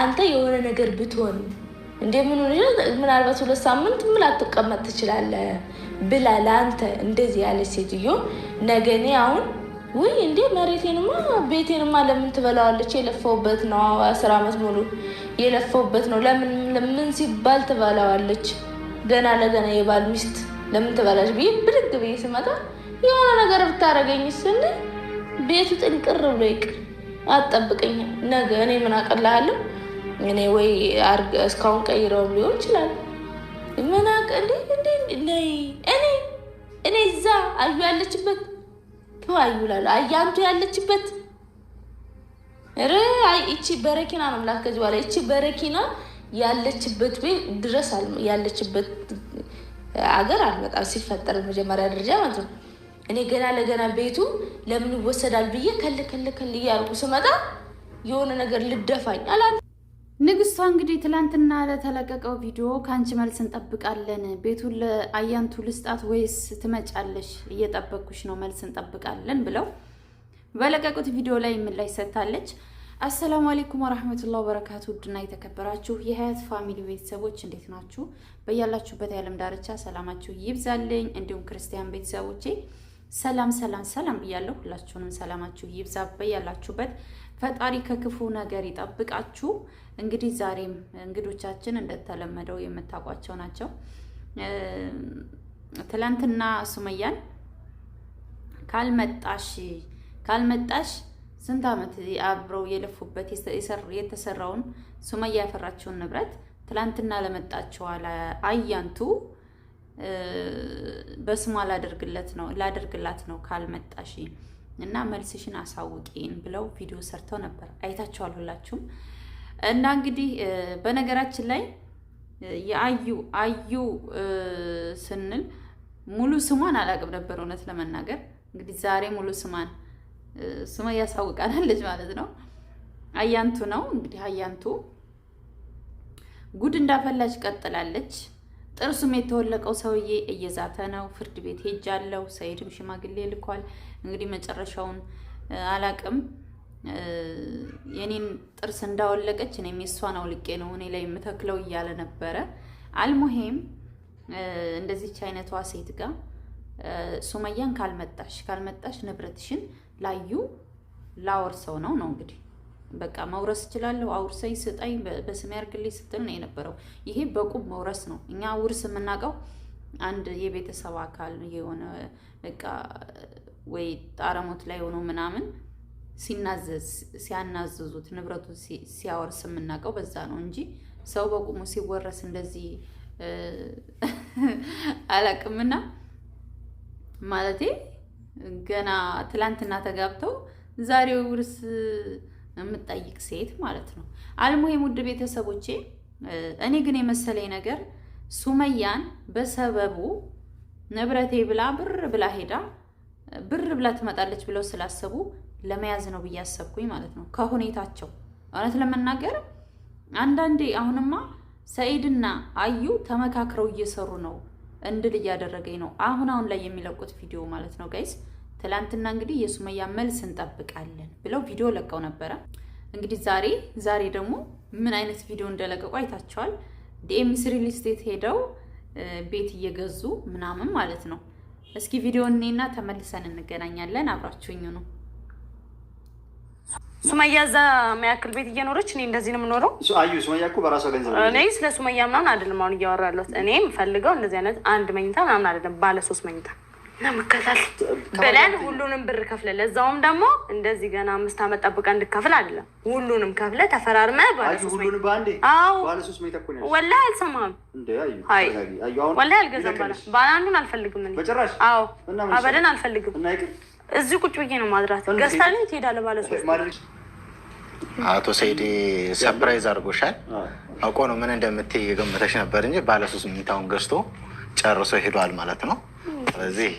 አንተ የሆነ ነገር ብትሆን እንደምን ምን ምናልባት ሁለት ሳምንት ምን አትቀመጥ ትችላለህ ብላ ለአንተ እንደዚህ ያለች ሴትዮ ነገ እኔ አሁን ውይ እንዴ መሬቴንማ ቤቴንማ ለምን ትበላዋለች? የለፋውበት ነው አስር ዓመት ሙሉ የለፋውበት ነው። ለምን ለምን ሲባል ትበላዋለች? ገና ለገና የባል ሚስት ለምን ትበላለች ብዬ ብድግ ብዬ ስመጣ የሆነ ነገር ብታደርገኝ ስን ቤቱ ጥንቅር ብሎ ይቅር አጠብቀኝም ነገ እኔ ምን አቀላለሁ? እኔ ወይ አርግ እስካሁን ቀይረውም ሊሆን ይችላል። ምን አቀል እኔ እኔ እዛ አዩ ያለችበት አዩ ላሉ አያንቱ ያለችበት ኧረ ይቺ በረኪና ነው የምላት። ከዚህ በኋላ ይቺ በረኪና ያለችበት ቤት ድረስ ያለችበት አገር አልመጣም። ሲፈጠር መጀመሪያ ደረጃ ማለት ነው። እኔ ገና ለገና ቤቱ ለምን ይወሰዳል ብዬ ከል ከል ከል እያልኩ ስመጣ የሆነ ነገር ልደፋኝ አላ ንግስቷ እንግዲህ ትላንትና ለተለቀቀው ቪዲዮ ከአንቺ መልስ እንጠብቃለን። ቤቱን ለአያንቱ ልስጣት ወይስ ትመጫለሽ? እየጠበኩሽ ነው፣ መልስ እንጠብቃለን ብለው በለቀቁት ቪዲዮ ላይ ምላሽ ሰጥታለች። አሰላሙ አሌይኩም ወረህመቱላ ወበረካቱ። ውድና የተከበራችሁ የሀያት ፋሚሊ ቤተሰቦች እንዴት ናችሁ? በያላችሁበት የዓለም ዳርቻ ሰላማችሁ ይብዛልኝ። እንዲሁም ክርስቲያን ቤተሰቦቼ ሰላም ሰላም ሰላም ብያለሁ። ሁላችሁንም ሰላማችሁ ይብዛ በያላችሁበት፣ ፈጣሪ ከክፉ ነገር ይጠብቃችሁ። እንግዲህ ዛሬም እንግዶቻችን እንደተለመደው የምታውቋቸው ናቸው። ትላንትና ሱመያን ካልመጣሽ ካልመጣሽ ስንት ዓመት አብረው የለፉበት የተሰራውን ሱመያ ያፈራችውን ንብረት ትላንትና ለመጣችኋል አያንቱ በስሟ ላደርግለት ነው ላደርግላት ነው ካልመጣሽ እና መልስሽን አሳውቂን ብለው ቪዲዮ ሰርተው ነበር። አይታችኋል ሁላችሁም። እና እንግዲህ በነገራችን ላይ የአዩ አዩ ስንል ሙሉ ስሟን አላቅም ነበር እውነት ለመናገር እንግዲህ ዛሬ ሙሉ ስሟን ስሟ እያሳውቃናለች ማለት ነው። አያንቱ ነው እንግዲህ አያንቱ ጉድ እንዳፈላች ቀጥላለች። ጥርሱም የተወለቀው ሰውዬ እየዛተ ነው። ፍርድ ቤት ሄጃለሁ። ሰይድም ሽማግሌ ልኳል። እንግዲህ መጨረሻውን አላቅም። የኔን ጥርስ እንዳወለቀች እኔም የእሷን አውልቄ ነው እኔ ላይ የምተክለው እያለ ነበረ። አልሙሄም እንደዚች አይነቷ ሴት ጋር ሱመያን ካልመጣሽ ካልመጣሽ ንብረትሽን ላዩ ላወርሰው ነው ነው እንግዲህ በቃ መውረስ እችላለሁ፣ አውርሰኝ፣ ስጠኝ፣ በስሜ አድርግልኝ ስትል ነው የነበረው። ይሄ በቁም መውረስ ነው። እኛ ውርስ የምናውቀው አንድ የቤተሰብ አካል የሆነ በቃ ወይ ጣረሞት ላይ ሆኖ ምናምን ሲናዘዝ ሲያናዘዙት ንብረቱ ሲያወርስ የምናውቀው በዛ ነው እንጂ ሰው በቁሙ ሲወረስ እንደዚህ አላቅምና ማለቴ ገና ትላንትና ተጋብተው ዛሬው ውርስ የምጠይቅ ሴት ማለት ነው። አልሙሄም ውድ ቤተሰቦቼ፣ እኔ ግን የመሰለኝ ነገር ሱመያን በሰበቡ ንብረቴ ብላ ብር ብላ ሄዳ ብር ብላ ትመጣለች ብለው ስላሰቡ ለመያዝ ነው ብዬ አሰብኩኝ ማለት ነው። ከሁኔታቸው እውነት ለመናገር አንዳንዴ አሁንማ ሰኢድና አዩ ተመካክረው እየሰሩ ነው እንድል እያደረገኝ ነው አሁን አሁን ላይ የሚለቁት ቪዲዮ ማለት ነው ጋይስ ትላንትና እንግዲህ የሱመያ መልስ እንጠብቃለን ብለው ቪዲዮ ለቀው ነበረ። እንግዲህ ዛሬ ዛሬ ደግሞ ምን አይነት ቪዲዮ እንደለቀቁ አይታቸዋል። ዲኤምሲ ሪል ስቴት ሄደው ቤት እየገዙ ምናምን ማለት ነው። እስኪ ቪዲዮ እኔና ተመልሰን እንገናኛለን። አብራችሁኝ ነው። ሱመያ እዛ የሚያክል ቤት እየኖረች እኔ እንደዚህ ነው የምኖረው። አዩ ሱመያ እኮ በራሷ ገንዘብ እኔ ስለ ሱመያ ምናምን አይደለም አሁን እያወራለሁት። እኔም ፈልገው እንደዚህ አይነት አንድ መኝታ ምናምን አይደለም፣ ባለ ሶስት መኝታ ብለን ሁሉንም ብር ከፍለ ለዛውም ደግሞ እንደዚህ ገና አምስት አመት ጠብቀ እንድከፍል አይደለም። ሁሉንም ከፍለ ተፈራርመ ወላ አልሰማም ወላ አልገዛም ባለ አንዱን አልፈልግም አበደን አልፈልግም። እዚህ ቁጭ ብዬ ነው ማድራት። ገዝታልኝ ትሄዳለህ ባለ አቶ ሰይዴ ሰፕራይዝ አድርጎሻል። አውቆ ነው ምን እንደምትይ የገመተች ነበር እንጂ ባለሶስት ምኝታውን ገዝቶ ጨርሶ ሄዷል ማለት ነው። ስለዚህ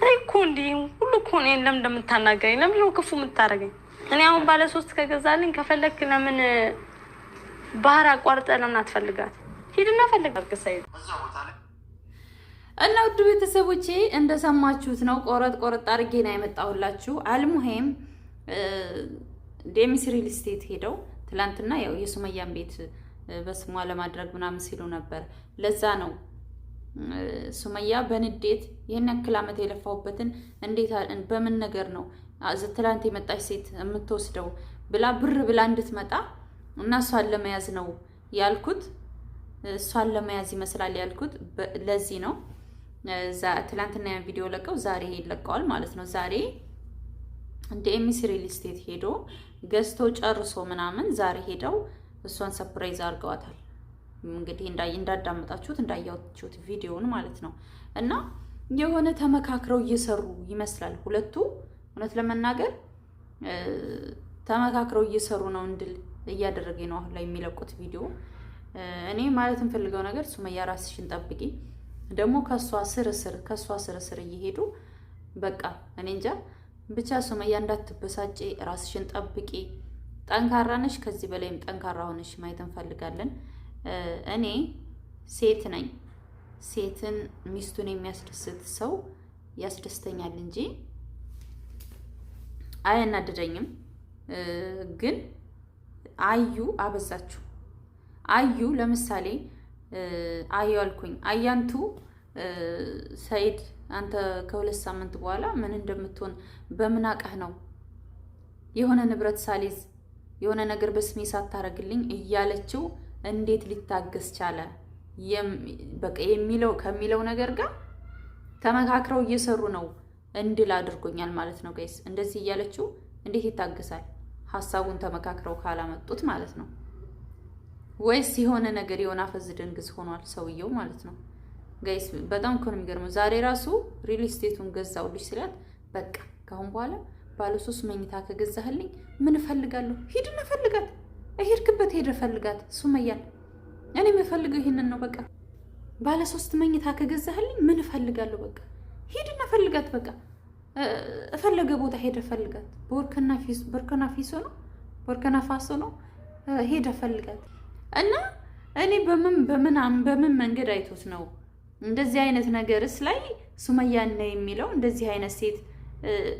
እኔ እኮ እንዲህ ሁሉ እኮ እኔን ለምን እንደምታናገረኝ ለምን ነው ክፉ የምታደርገኝ? እኔ አሁን ባለ ሶስት ከገዛልኝ ከፈለግ ለምን ባህር አቋርጠ ለምን አትፈልጋት? ሂድና ፈልግ አርገሳይ እና ውድ ቤተሰቦቼ እንደሰማችሁት ነው። ቆረጥ ቆረጥ አድርጌ ነው ያመጣሁላችሁ። አልሙሄም ዴሚስ ሪል ስቴት ሄደው ትላንትና ያው የሱመያን ቤት በስሟ ለማድረግ ምናምን ሲሉ ነበር። ለዛ ነው ሱመያ በንዴት ይህን ያክል ዓመት የለፋሁበትን እንዴት በምን ነገር ነው ትላንት የመጣች ሴት የምትወስደው ብላ ብር ብላ እንድትመጣ እና እሷን ለመያዝ ነው ያልኩት። እሷን ለመያዝ ይመስላል ያልኩት ለዚህ ነው። ትላንትና ያን ቪዲዮ ለቀው ዛሬ ይለቀዋል ማለት ነው። ዛሬ እንደ ኤሚስ ሪል ስቴት ሄዶ ገዝቶ ጨርሶ ምናምን ዛሬ ሄደው እሷን ሰፕራይዝ አድርገዋታል። እንግዲህ እንዳዳመጣችሁት እንዳያችሁት ቪዲዮውን ማለት ነው። እና የሆነ ተመካክረው እየሰሩ ይመስላል ሁለቱ። እውነት ለመናገር ተመካክረው እየሰሩ ነው እንድል እያደረገ ነው አሁን ላይ የሚለቁት ቪዲዮ። እኔ ማለት የምፈልገው ነገር ሱመያ ራስሽን ጠብቂ። ደግሞ ከእሷ ስር ስር ከእሷ ስር ስር እየሄዱ በቃ እኔ እንጃ ብቻ ሱመያ እንዳትበሳጭ፣ ራስሽን ጠብቂ። ጠንካራ ነሽ፣ ከዚህ በላይም ጠንካራ ሆነሽ ማየት እንፈልጋለን። እኔ ሴት ነኝ። ሴትን ሚስቱን የሚያስደስት ሰው ያስደስተኛል እንጂ አያናደደኝም ግን አዩ አበዛችሁ። አዩ ለምሳሌ አዩ አልኩኝ። አያንቱ ሰይድ አንተ ከሁለት ሳምንት በኋላ ምን እንደምትሆን በምን አቀህ ነው የሆነ ንብረት ሳሊዝ የሆነ ነገር በስሜ ሳታረግልኝ እያለችው እንዴት ሊታገስ ቻለ በቃ የሚለው ከሚለው ነገር ጋር ተመካክረው እየሰሩ ነው። እንድል አድርጎኛል ማለት ነው ጋይስ። እንደዚህ እያለችው እንዴት ይታገሳል? ሀሳቡን ተመካክረው ካላመጡት ማለት ነው። ወይስ የሆነ ነገር የሆነ አፈዝ ድንግዝ ሆኗል ሰውየው ማለት ነው ጋይስ። በጣም እኮ ነው የሚገርመው። ዛሬ ራሱ ሪል ስቴቱን ገዛውልሽ ስላት በቃ ካሁን በኋላ ባለ ሶስት መኝታ ከገዛህልኝ ምን እፈልጋለሁ? ሂድ እፈልጋለሁ እሄድክበት ሄደ ፈልጋት ሱመያን። እኔ የምፈልገው ይሄንን ነው። በቃ ባለ ሶስት መኝታ ከገዛህልኝ ምን እፈልጋለሁ? በቃ ሂድና ፈልጋት። በቃ እፈለገ ቦታ ሄደ ፈልጋት። ቦርከና ፊሶ ነው ቦርከና ፋሶ ነው ሄደ ፈልጋት እና እኔ በምን በምን በምን መንገድ አይቶት ነው እንደዚህ አይነት ነገርስ ላይ ሱመያን ነው የሚለው? እንደዚህ አይነት ሴት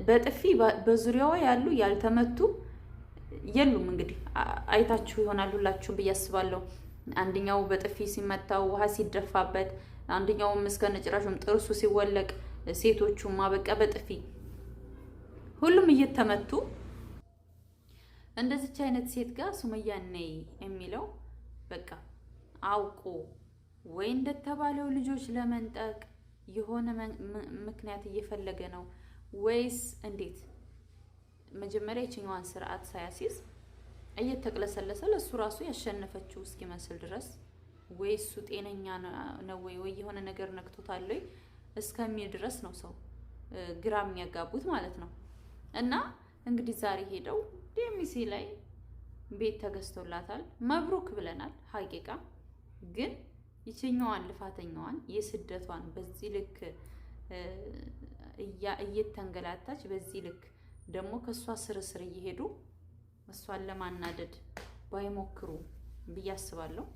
በጥፊ በዙሪያዋ ያሉ ያልተመቱ የሉም። እንግዲህ አይታችሁ ይሆናል ሁላችሁም ብዬ አስባለሁ። አንደኛው በጥፊ ሲመታው፣ ውሃ ሲደፋበት፣ አንደኛውም እስከነጭራሹም ጥርሱ ሲወለቅ፣ ሴቶቹማ በቃ በጥፊ ሁሉም እየተመቱ እንደዚች አይነት ሴት ጋር ሱመያ ነይ የሚለው በቃ አውቆ ወይ እንደተባለው ልጆች ለመንጠቅ የሆነ ምክንያት እየፈለገ ነው ወይስ እንዴት? መጀመሪያ የችኛዋን ስርዓት ሳያሲዝ እየተቅለሰለሰ ለእሱ ራሱ ያሸነፈችው እስኪመስል ድረስ ወይ እሱ ጤነኛ ነው ወይ ወይ የሆነ ነገር ነክቶታል ወይ እስከሚል ድረስ ነው ሰው ግራ የሚያጋቡት ማለት ነው። እና እንግዲህ ዛሬ ሄደው ዴሚሲ ላይ ቤት ተገዝቶላታል። መብሩክ ብለናል። ሀቂቃ ግን ይችኛዋን ልፋተኛዋን የስደቷን በዚህ ልክ እየተንገላታች በዚህ ልክ ደግሞ ከእሷ ስር ስር እየሄዱ እሷን ለማናደድ ባይሞክሩ ብዬ አስባለሁ።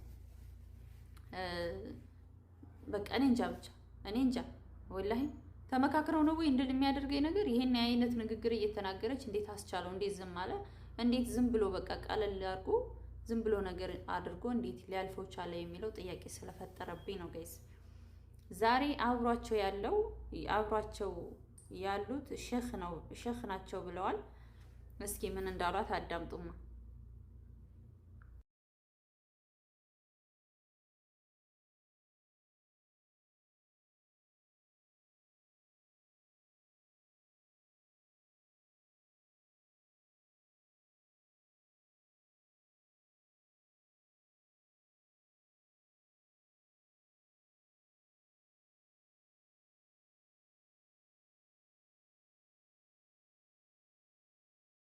በቃ እኔ እንጃ ብቻ እኔ እንጃ ወላሂ ተመካክረው ነው ወይ እንድል የሚያደርገኝ ነገር ይሄን አይነት ንግግር እየተናገረች እንዴት አስቻለው? እንዴት ዝም አለ? እንዴት ዝም ብሎ በቃ ቀለል አድርጎ ዝም ብሎ ነገር አድርጎ እንዴት ሊያልፈው ቻለ የሚለው ጥያቄ ስለፈጠረብኝ ነው። ጋይስ ዛሬ አብሯቸው ያለው አብሯቸው ያሉት ሼህ ነው ሼህ ናቸው ብለዋል። እስኪ ምን እንዳሏት አዳምጡማ።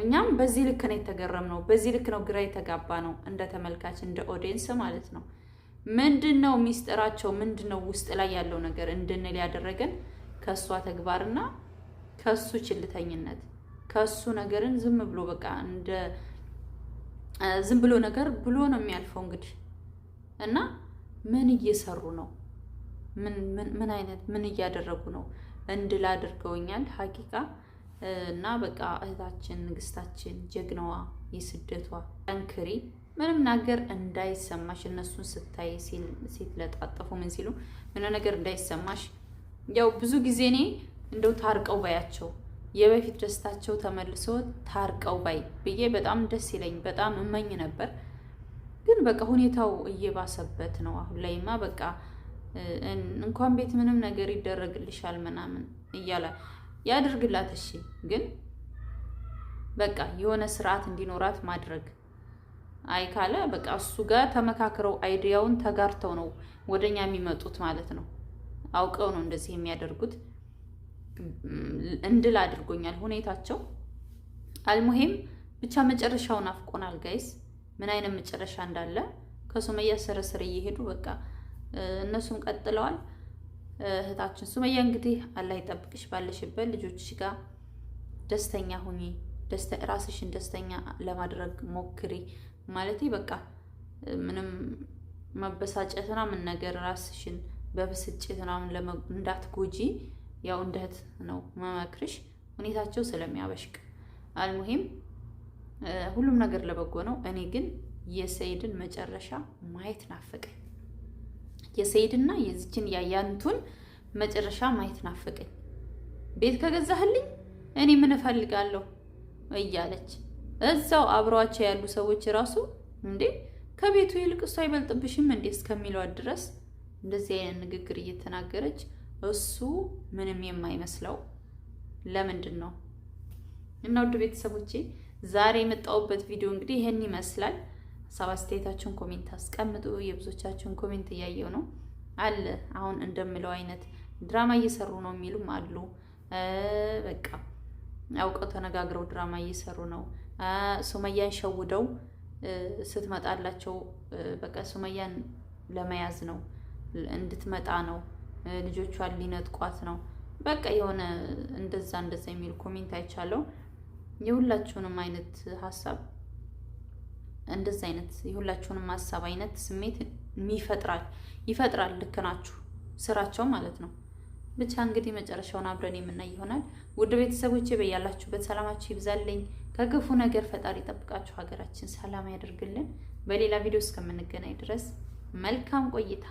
እኛም በዚህ ልክ ነው የተገረም ነው። በዚህ ልክ ነው ግራ የተጋባ ነው፣ እንደ ተመልካች እንደ ኦዲየንስ ማለት ነው። ምንድን ነው ሚስጥራቸው? ምንድን ነው ውስጥ ላይ ያለው ነገር እንድንል ያደረገን ከእሷ ተግባርና ከእሱ ችልተኝነት ከእሱ ነገርን ዝም ብሎ በቃ እንደ ዝም ብሎ ነገር ብሎ ነው የሚያልፈው እንግዲህ እና ምን እየሰሩ ነው? ምን ምን አይነት ምን እያደረጉ ነው? እንድል አድርገውኛል ሀቂቃ እና በቃ እህታችን ንግስታችን ጀግናዋ የስደቷ ጠንክሪ፣ ምንም ነገር እንዳይሰማሽ እነሱን ስታይ ሲለጣጠፉ ምን ሲሉ ምንም ነገር እንዳይሰማሽ። ያው ብዙ ጊዜ እኔ እንደው ታርቀው ባያቸው የበፊት ደስታቸው ተመልሶ ታርቀው ባይ ብዬ በጣም ደስ ይለኝ በጣም እመኝ ነበር። ግን በቃ ሁኔታው እየባሰበት ነው። አሁን ላይማ በቃ እንኳን ቤት ምንም ነገር ይደረግልሻል ምናምን እያለ ያድርግላት። እሺ፣ ግን በቃ የሆነ ስርዓት እንዲኖራት ማድረግ አይ ካለ በቃ እሱ ጋር ተመካክረው አይዲያውን ተጋርተው ነው ወደኛ የሚመጡት ማለት ነው። አውቀው ነው እንደዚህ የሚያደርጉት። እንድል አድርጎኛል ሁኔታቸው። አልሙሄም ብቻ መጨረሻውን አፍቆናል። ጋይስ ምን አይነት መጨረሻ እንዳለ ከሱመያ ስር እየሄዱ በቃ እነሱም ቀጥለዋል። እህታችን ሱመያ እንግዲህ አላህ ይጠብቅሽ። ባለሽበት ልጆች ጋር ደስተኛ ሁኚ፣ ራስሽን ደስተኛ ለማድረግ ሞክሪ። ማለት በቃ ምንም መበሳጨት ምናምን ነገር ራስሽን በብስጭት ምናምን እንዳትጎጂ፣ ያው እንደት ነው መመክርሽ። ሁኔታቸው ስለሚያበሽቅ አልሙሂም ሁሉም ነገር ለበጎ ነው። እኔ ግን የሰይድን መጨረሻ ማየት ናፈቀኝ። የሰይድና የዚችን ያያንቱን መጨረሻ ማየት ናፈቀኝ። ቤት ከገዛህልኝ እኔ ምን እፈልጋለሁ እያለች እዛው አብረዋቸው ያሉ ሰዎች ራሱ እንዴ ከቤቱ ይልቅ እሱ አይበልጥብሽም እንዴ እስከሚለዋት ድረስ እንደዚህ አይነት ንግግር እየተናገረች እሱ ምንም የማይመስለው ለምንድን ነው? እና ውድ ቤተሰቦቼ ዛሬ የመጣሁበት ቪዲዮ እንግዲህ ይህን ይመስላል። ሀሳብ አስተያየታችሁን ኮሜንት አስቀምጡ። የብዙዎቻችሁን ኮሜንት እያየው ነው አለ አሁን እንደምለው አይነት ድራማ እየሰሩ ነው የሚሉም አሉ። በቃ አውቀው ተነጋግረው ድራማ እየሰሩ ነው። ሱመያን ሸውደው ስትመጣላቸው በቃ ሱመያን ለመያዝ ነው፣ እንድትመጣ ነው፣ ልጆቿን ሊነጥቋት ነው። በቃ የሆነ እንደዛ እንደዛ የሚል ኮሜንት አይቻለው። የሁላችሁንም አይነት ሀሳብ እንደዚህ አይነት የሁላችሁንም ሀሳብ አይነት ስሜት ይፈጥራል ይፈጥራል። ልክ ናችሁ፣ ስራቸው ማለት ነው። ብቻ እንግዲህ መጨረሻውን አብረን የምናይ ይሆናል። ውድ ቤተሰቦቼ በያላችሁበት ሰላማችሁ ይብዛልኝ። ከክፉ ነገር ፈጣሪ ይጠብቃችሁ፣ ሀገራችን ሰላም ያደርግልን። በሌላ ቪዲዮ እስከምንገናኝ ድረስ መልካም ቆይታ